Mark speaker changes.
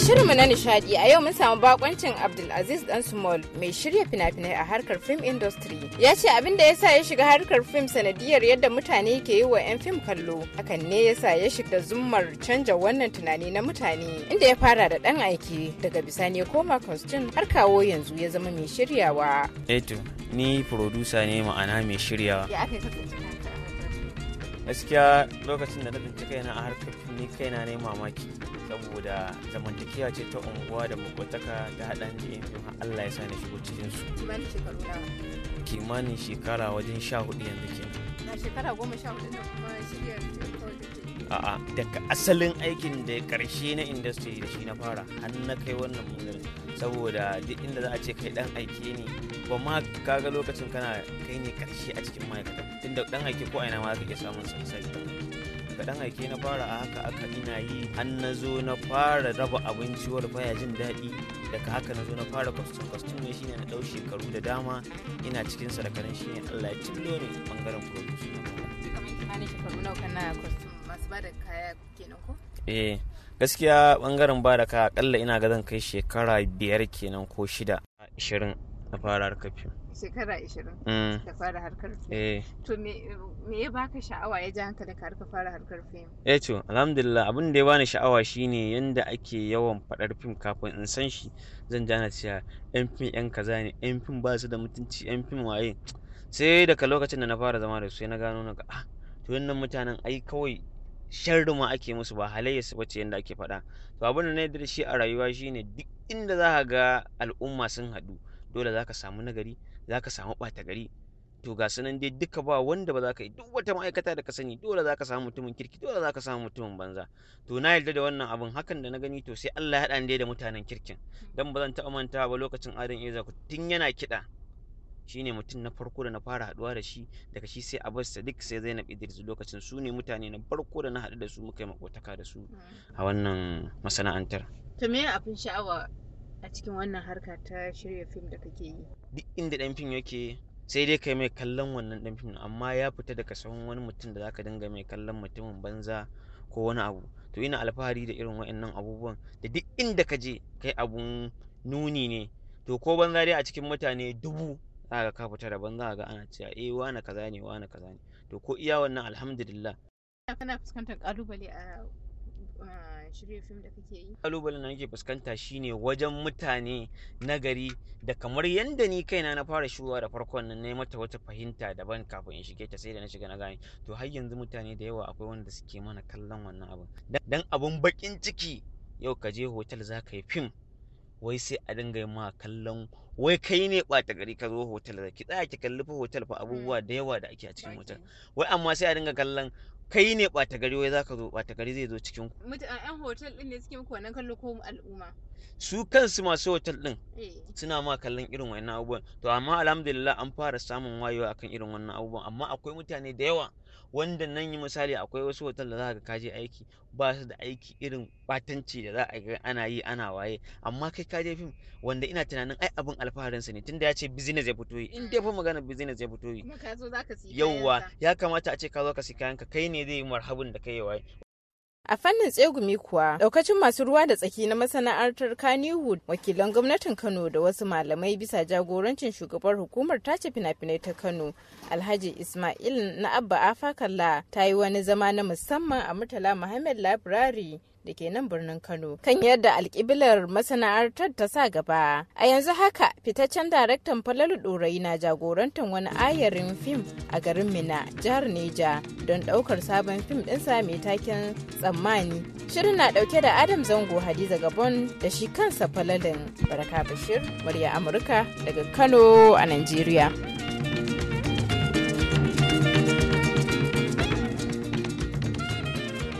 Speaker 1: shirin shirinmu na nishadi a yau mun samu bakoncin Abdulaziz Dan Small mai shirya fina-finai a harkar film industry. Ya ce abin da ya sa ya shiga harkar film sanadiyar yadda mutane ke yi wa 'yan fim kallo. Hakan ne yasa ya shiga zummar canja wannan tunani na mutane inda ya fara da dan aiki daga bisani koma costume har kawo yanzu ya zama mai shiryawa.
Speaker 2: Eto, eh ni producer ne ma'ana mai shiryawa. Ya aka yi gaskiya lokacin da na tsinci yana a harkar ni kaina ne mamaki saboda zamantakewa ce ta unguwa da makotaka da haɗan da yin har Allah ya sa na shigo cikin su kimanin shekara wajen sha hudu yanzu ke.
Speaker 1: na shekara goma sha hudu na kuma shirya
Speaker 2: a'a daga asalin aikin da karshe na industry da shi na fara an na kai wannan munzalin saboda duk inda za a ce kai dan aike ne ba ma kaga lokacin kana kai ne karshe a cikin ma'aikata tunda dan aike ko aina ma ka iya samun sansari dan aike na fara a haka aka ina yi an na zo na fara raba abinci wani baya jin daɗi daga haka na zo na fara kwastum kwastum ne shine na ɗau shekaru da dama ina cikin sa shine Allah ya cillo ne bangaren produce na Eh gaskiya bangaren ba da kaya akalla eh, ina ga zan kai shekara biyar kenan ko shida ashirin na fara harkar fim
Speaker 1: shekara 20 ka mm. fara harkar fim eh. to me ya baka sha'awa ya ji hankali ka harka fara harkar fim
Speaker 2: eh to alhamdulillah abin da ya bani sha'awa shine yanda ake yawan fadar fim kafin in san shi zan ana cewa yan fim yan kaza ne yan fim ba su da mutunci yan fim waye sai daga lokacin da na fara zama da su na gano na ga ah to wannan mutanen ai kawai sharri ma ake musu ba halayya su bace yanda ake faɗa to abin da na yadda da shi a rayuwa shine duk inda za ka ga al'umma sun haɗu dole za ka samu nagari za ka samu ɓata gari to ga sunan dai duka ba wanda ba za ka yi duk wata ma'aikata da ka sani dole za ka samu mutumin kirki dole za ka samu mutumin banza to na yarda da wannan abin hakan da na gani to sai Allah ya haɗa ni da mutanen kirkin dan ba zan taɓa mantawa ba lokacin Adam Eza tun yana kiɗa shine mutum na farko da na fara haduwa da shi daga shi sai Abbas Sadiq sai Zainab Idris lokacin su ne mutane na farko da na hadu da su muka yi makotaka da su hmm. a wannan masana'antar
Speaker 1: to me abin sha'awa a cikin wannan harka ta shirya fim da kake yi
Speaker 2: duk inda dan fim yake sai dai kai mai kallon wannan dan fim amma ya fita daga sahun wani mutum da ka dinga mai kallon mutumin banza ko wani abu to ina alfahari da irin wa'annan abubuwan da duk inda ka je kai abun nuni ne to ko banza dai a cikin mutane dubu zaka ka fita da banza ga ana cewa eh wani kaza ne wani kaza ne to ko iya wannan alhamdulillah
Speaker 1: kana fuskantar kalubale a fim da
Speaker 2: kalubalen da nake fuskanta shine wajen mutane nagari da kamar yadda ni kaina na fara shigowa da farkon nan na mata wata fahimta daban kafin in shige ta sai da na shiga na gane to har yanzu mutane da yawa akwai wanda suke mana kallon wannan abin dan abun bakin ciki yau ka je hotel za ka yi fim wai sai a dinga ma kallon wai kai ne ɓata gari ka zo hotel da ki tsaya ki kalli fa hotel fa abubuwa hmm. da yawa da ake a cikin hotel wai amma sai a dinga kallon kai ne ɓata gari wai ka zo ɓata gari zai zo cikin ku.
Speaker 1: Mutu hotel ɗin ne suke muku wannan kallo ko al'umma.
Speaker 2: su kansu masu hotel ɗin eh. suna ma kallon irin wannan abubuwan to amma alhamdulillah an fara samun wayewa akan irin wannan abubuwan amma akwai mutane da yawa wanda nan yi misali akwai wasu hotel da za ka kaje aiki ba su da aiki irin batanci da za a ga ana yi ana waye amma kai kaje fim wanda ina tunanin ai abin alfaharin sa ne tunda ya ce business ya fito yi in dai fa magana business ya fito yi yauwa ya kamata a ce ka zo ka sika kayanka kai ne zai yi marhabin da kai waye
Speaker 1: A fannin tsegumi kuwa, daukacin masu ruwa da tsaki na masana'antar Kannywood, wakilan gwamnatin Kano da wasu malamai bisa jagorancin shugabar hukumar tace fina-finai ta Kano, Alhaji Ismail na Abba Afakalla ta yi wani zama na musamman a Murtala Muhammad Library da ke nan birnin Kano kan yadda alkiblar masana'artar ta sa gaba. A yanzu haka fitaccen daraktan Falalu Dorayi na jagorantar wani ayarin fim a garin Mina, jihar Neja don ɗaukar sabon fim ɗinsa mai taken tsammani. Shirin na ɗauke da Adam Zango Hadiza Gabon da shi kansa Falalin Baraka Bashir, murya Amurka daga Kano a nigeria.